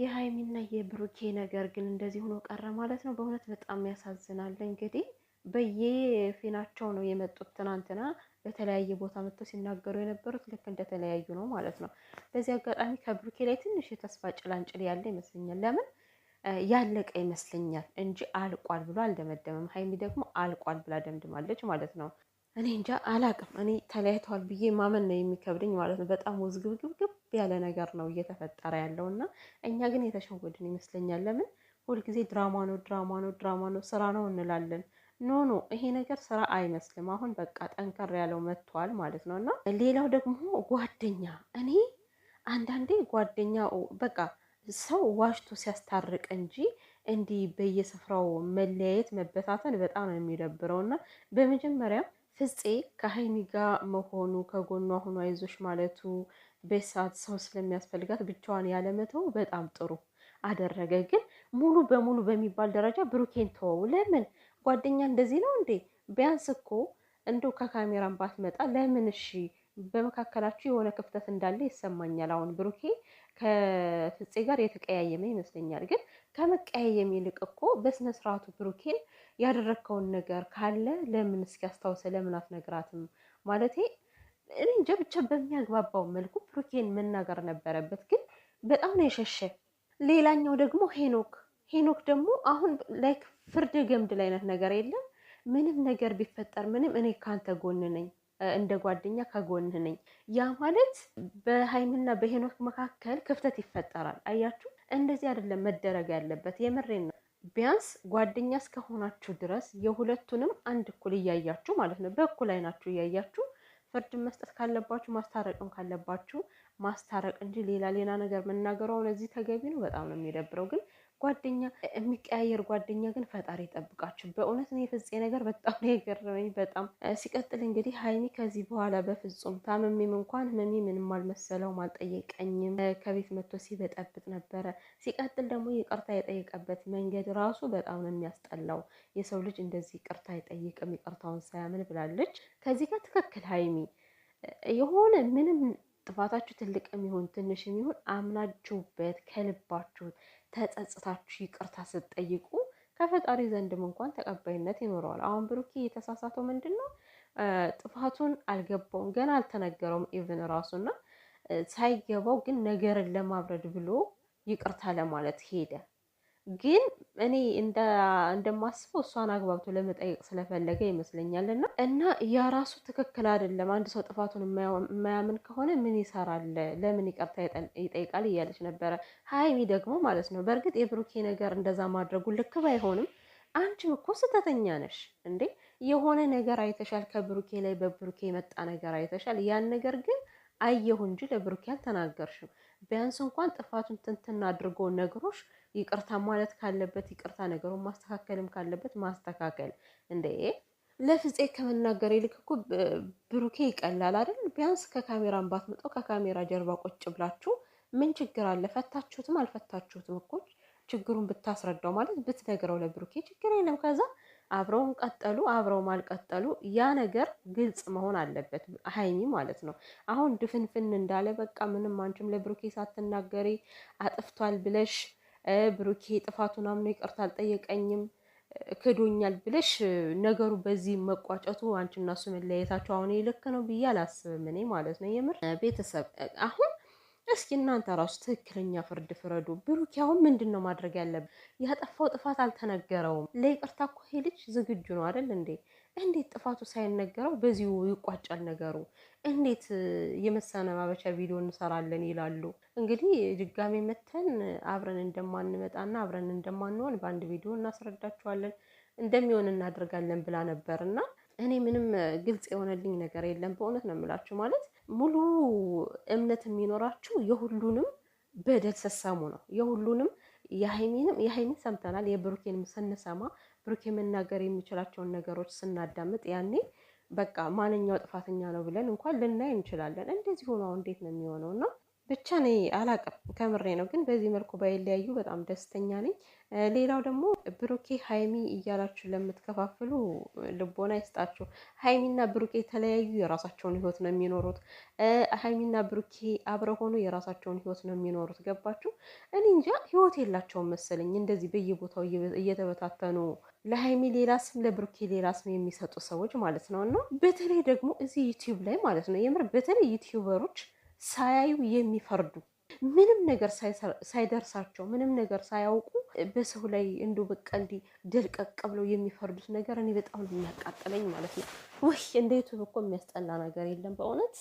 የሀይሚና የብሩኬ ነገር ግን እንደዚህ ሆኖ ቀረ ማለት ነው። በእውነት በጣም ያሳዝናል። እንግዲህ በየፊናቸው ነው የመጡት። ትናንትና በተለያየ ቦታ መጥተው ሲናገሩ የነበሩት ልክ እንደተለያዩ ነው ማለት ነው። በዚህ አጋጣሚ ከብሩኬ ላይ ትንሽ የተስፋ ጭላንጭል ያለ ይመስለኛል። ለምን ያለቀ ይመስለኛል እንጂ አልቋል ብሎ አልደመደመም። ሀይሚ ደግሞ አልቋል ብላ ደምድማለች ማለት ነው። እኔ እንጃ አላቅም። እኔ ተለያይተዋል ብዬ ማመን ነው የሚከብደኝ ማለት ነው። በጣም ውዝግብግብግብ ያለ ነገር ነው እየተፈጠረ ያለው እና እኛ ግን የተሸወድን ይመስለኛል። ለምን ሁልጊዜ ድራማ ነው ድራማ ነው ድራማ ነው ስራ ነው እንላለን። ኖ ኖ ይሄ ነገር ስራ አይመስልም። አሁን በቃ ጠንከር ያለው መጥቷል ማለት ነው። እና ሌላው ደግሞ ጓደኛ፣ እኔ አንዳንዴ ጓደኛ በቃ ሰው ዋሽቶ ሲያስታርቅ እንጂ እንዲህ በየስፍራው መለያየት መበታተን በጣም ነው የሚደብረው እና በመጀመሪያ ፍፄ ከሀይሚ ጋር መሆኑ ከጎኗ ሆኖ አይዞሽ ማለቱ በሰዓት ሰው ስለሚያስፈልጋት ብቻዋን ያለመተው በጣም ጥሩ አደረገ። ግን ሙሉ በሙሉ በሚባል ደረጃ ብሩኬን ተወው። ለምን ጓደኛ እንደዚህ ነው እንዴ? ቢያንስ እኮ እንደው ከካሜራን ባትመጣ ለምን እሺ። በመካከላችሁ የሆነ ክፍተት እንዳለ ይሰማኛል። አሁን ብሩኬ ከፍፄ ጋር የተቀያየመ ይመስለኛል። ግን ከመቀያየም ይልቅ እኮ በስነስርዓቱ ብሩኬን ያደረግከውን ነገር ካለ ለምን እስኪ አስታውሰ ለምን አትነግራትም? ማለቴ እኔ እንጃ ብቻ በሚያግባባው መልኩ ብሩኬን መናገር ነበረበት፣ ግን በጣም ነው የሸሸ። ሌላኛው ደግሞ ሄኖክ ሄኖክ ደግሞ አሁን ላይክ ፍርድ ላይ አይነት ነገር የለም። ምንም ነገር ቢፈጠር ምንም እኔ ካንተ ጎን ነኝ፣ እንደ ጓደኛ ከጎን ነኝ። ያ ማለት በሀይምና በሄኖክ መካከል ክፍተት ይፈጠራል። አያችሁ፣ እንደዚህ አይደለም መደረግ ያለበት። የምሬን ነው። ቢያንስ ጓደኛ እስከሆናችሁ ድረስ የሁለቱንም አንድ እኩል እያያችሁ ማለት ነው። በእኩል አይናችሁ እያያችሁ ፍርድን መስጠት ካለባችሁ ማስታረቅም ካለባችሁ ማስታረቅ እንጂ ሌላ ሌላ ነገር መናገሩ አሁን እዚህ ተገቢ ነው። በጣም ነው የሚደብረው ግን ጓደኛ የሚቀያየር ጓደኛ ግን ፈጣሪ ይጠብቃችሁ። በእውነት ነው የፍፄ ነገር በጣም ነው የገረመኝ። በጣም ሲቀጥል እንግዲህ ሀይሚ ከዚህ በኋላ በፍጹም ታመሜም እንኳን ህመሜ ምንም አልመሰለውም፣ አልጠየቀኝም። ከቤት መጥቶ ሲበጠብጥ ነበረ። ሲቀጥል ደግሞ ይቅርታ የጠየቀበት መንገድ ራሱ በጣም ነው የሚያስጠላው። የሰው ልጅ እንደዚህ ይቅርታ አይጠይቅም ይቅርታውን ሳያምን ብላለች። ከዚህ ጋር ትክክል ሀይሚ የሆነ ምንም ጥፋታችሁ ትልቅ የሚሆን ትንሽ የሚሆን አምናችሁበት ከልባችሁት ተጸጽታችሁ ይቅርታ ስትጠይቁ ከፈጣሪ ዘንድም እንኳን ተቀባይነት ይኖረዋል። አሁን ብሩኬ የተሳሳተው ምንድን ነው? ጥፋቱን አልገባውም፣ ገና አልተነገረውም ኢቭን ራሱና ሳይገባው ግን ነገርን ለማብረድ ብሎ ይቅርታ ለማለት ሄደ። ግን እኔ እንደማስበው እሷን አግባብቶ ለመጠየቅ ስለፈለገ ይመስለኛል። እና እና ራሱ ትክክል አይደለም። አንድ ሰው ጥፋቱን የማያምን ከሆነ ምን ይሰራል? ለምን ይቅርታ ይጠይቃል? እያለች ነበረ ሀይሚ ደግሞ ማለት ነው። በእርግጥ የብሩኬ ነገር እንደዛ ማድረጉ ልክ ባይሆንም አንቺም እኮ ስህተተኛ ነሽ እንዴ! የሆነ ነገር አይተሻል፣ ከብሩኬ ላይ በብሩኬ የመጣ ነገር አይተሻል። ያን ነገር ግን አየሁ እንጂ ለብሩኬ አልተናገርሽም። ቢያንስ እንኳን ጥፋቱን ትንትና አድርጎ ነግሮሽ ይቅርታ ማለት ካለበት ይቅርታ፣ ነገሩን ማስተካከልም ካለበት ማስተካከል። እንደ ለፍፄ ከመናገር ይልቅ እኮ ብሩኬ ይቀላል አይደል? ቢያንስ ከካሜራን ባትመጣው ከካሜራ ጀርባ ቁጭ ብላችሁ ምን ችግር አለ? ፈታችሁትም አልፈታችሁትም እኮ ችግሩን ብታስረዳው ማለት ብትነግረው ለብሩኬ ችግር የለም ከዛ አብረውን ቀጠሉ አብረውም አልቀጠሉ ያ ነገር ግልጽ መሆን አለበት፣ ሀይሚ ማለት ነው። አሁን ድፍንፍን እንዳለ በቃ ምንም አንችም ለብሩኬ ሳትናገሪ አጥፍቷል ብለሽ ብሩኬ ጥፋቱን አምኖ ይቅርታ አልጠየቀኝም ክዶኛል ብለሽ ነገሩ በዚህ መቋጨቱ አንቺ እና እሱ መለያየታቸው አሁን ልክ ነው ብዬ አላስብም እኔ ማለት ነው። የምር ቤተሰብ አሁን እስኪ እናንተ ራሱ ትክክለኛ ፍርድ ፍረዱ። ብሩክ አሁን ምንድን ነው ማድረግ ያለብን? ያጠፋው ጥፋት አልተነገረውም። ለይቅርታ እኮ ይሄ ልጅ ዝግጁ ነው አይደል እንዴ? እንዴት ጥፋቱ ሳይነገረው በዚሁ ይቋጫል ነገሩ? እንዴት የመሰነባበቻ ቪዲዮ እንሰራለን ይላሉ? እንግዲህ ድጋሜ መተን አብረን እንደማንመጣና አብረን እንደማንሆን በአንድ ቪዲዮ እናስረዳችኋለን እንደሚሆን እናደርጋለን ብላ ነበር እና እኔ ምንም ግልጽ የሆነልኝ ነገር የለም። በእውነት ነው የምላችሁ። ማለት ሙሉ እምነት የሚኖራችሁ የሁሉንም በደል ስትሰሙ ነው። የሁሉንም የሀይሚንም የሀይሚን ሰምተናል፣ የብሩኬንም ስንሰማ ብሩኬ መናገር የሚችላቸውን ነገሮች ስናዳምጥ ያኔ በቃ ማንኛው ጥፋተኛ ነው ብለን እንኳን ልናይ እንችላለን። እንደዚህ ሆኖ እንዴት ነው የሚሆነው? እና ብቻ እኔ አላቅም ከምሬ ነው። ግን በዚህ መልኩ ባይለያዩ በጣም ደስተኛ ነኝ። ሌላው ደግሞ ብሩኬ ሀይሚ እያላችሁ ለምትከፋፍሉ ልቦና ይስጣችሁ። ሀይሚና ብሩኬ የተለያዩ የራሳቸውን ህይወት ነው የሚኖሩት። ሀይሚና ብሩኬ አብረ ሆኖ የራሳቸውን ህይወት ነው የሚኖሩት። ገባችሁ? እኔ እንጃ ህይወት የላቸውም መሰለኝ እንደዚህ በየቦታው እየተበታተኑ ለሀይሚ ሌላ ስም ለብሩኬ ሌላ ስም የሚሰጡ ሰዎች ማለት ነው። እና በተለይ ደግሞ እዚህ ዩቲዩብ ላይ ማለት ነው የምር በተለይ ዩቲዩበሮች ሳያዩ የሚፈርዱ ምንም ነገር ሳይደርሳቸው ምንም ነገር ሳያውቁ በሰው ላይ እንዶ በቃ እንዲ ደልቀቅ ብለው የሚፈርዱት ነገር እኔ በጣም የሚያቃጥለኝ ማለት ነው። ወይ እንደ ዩቱብ እኮ የሚያስጠላ ነገር የለም በእውነት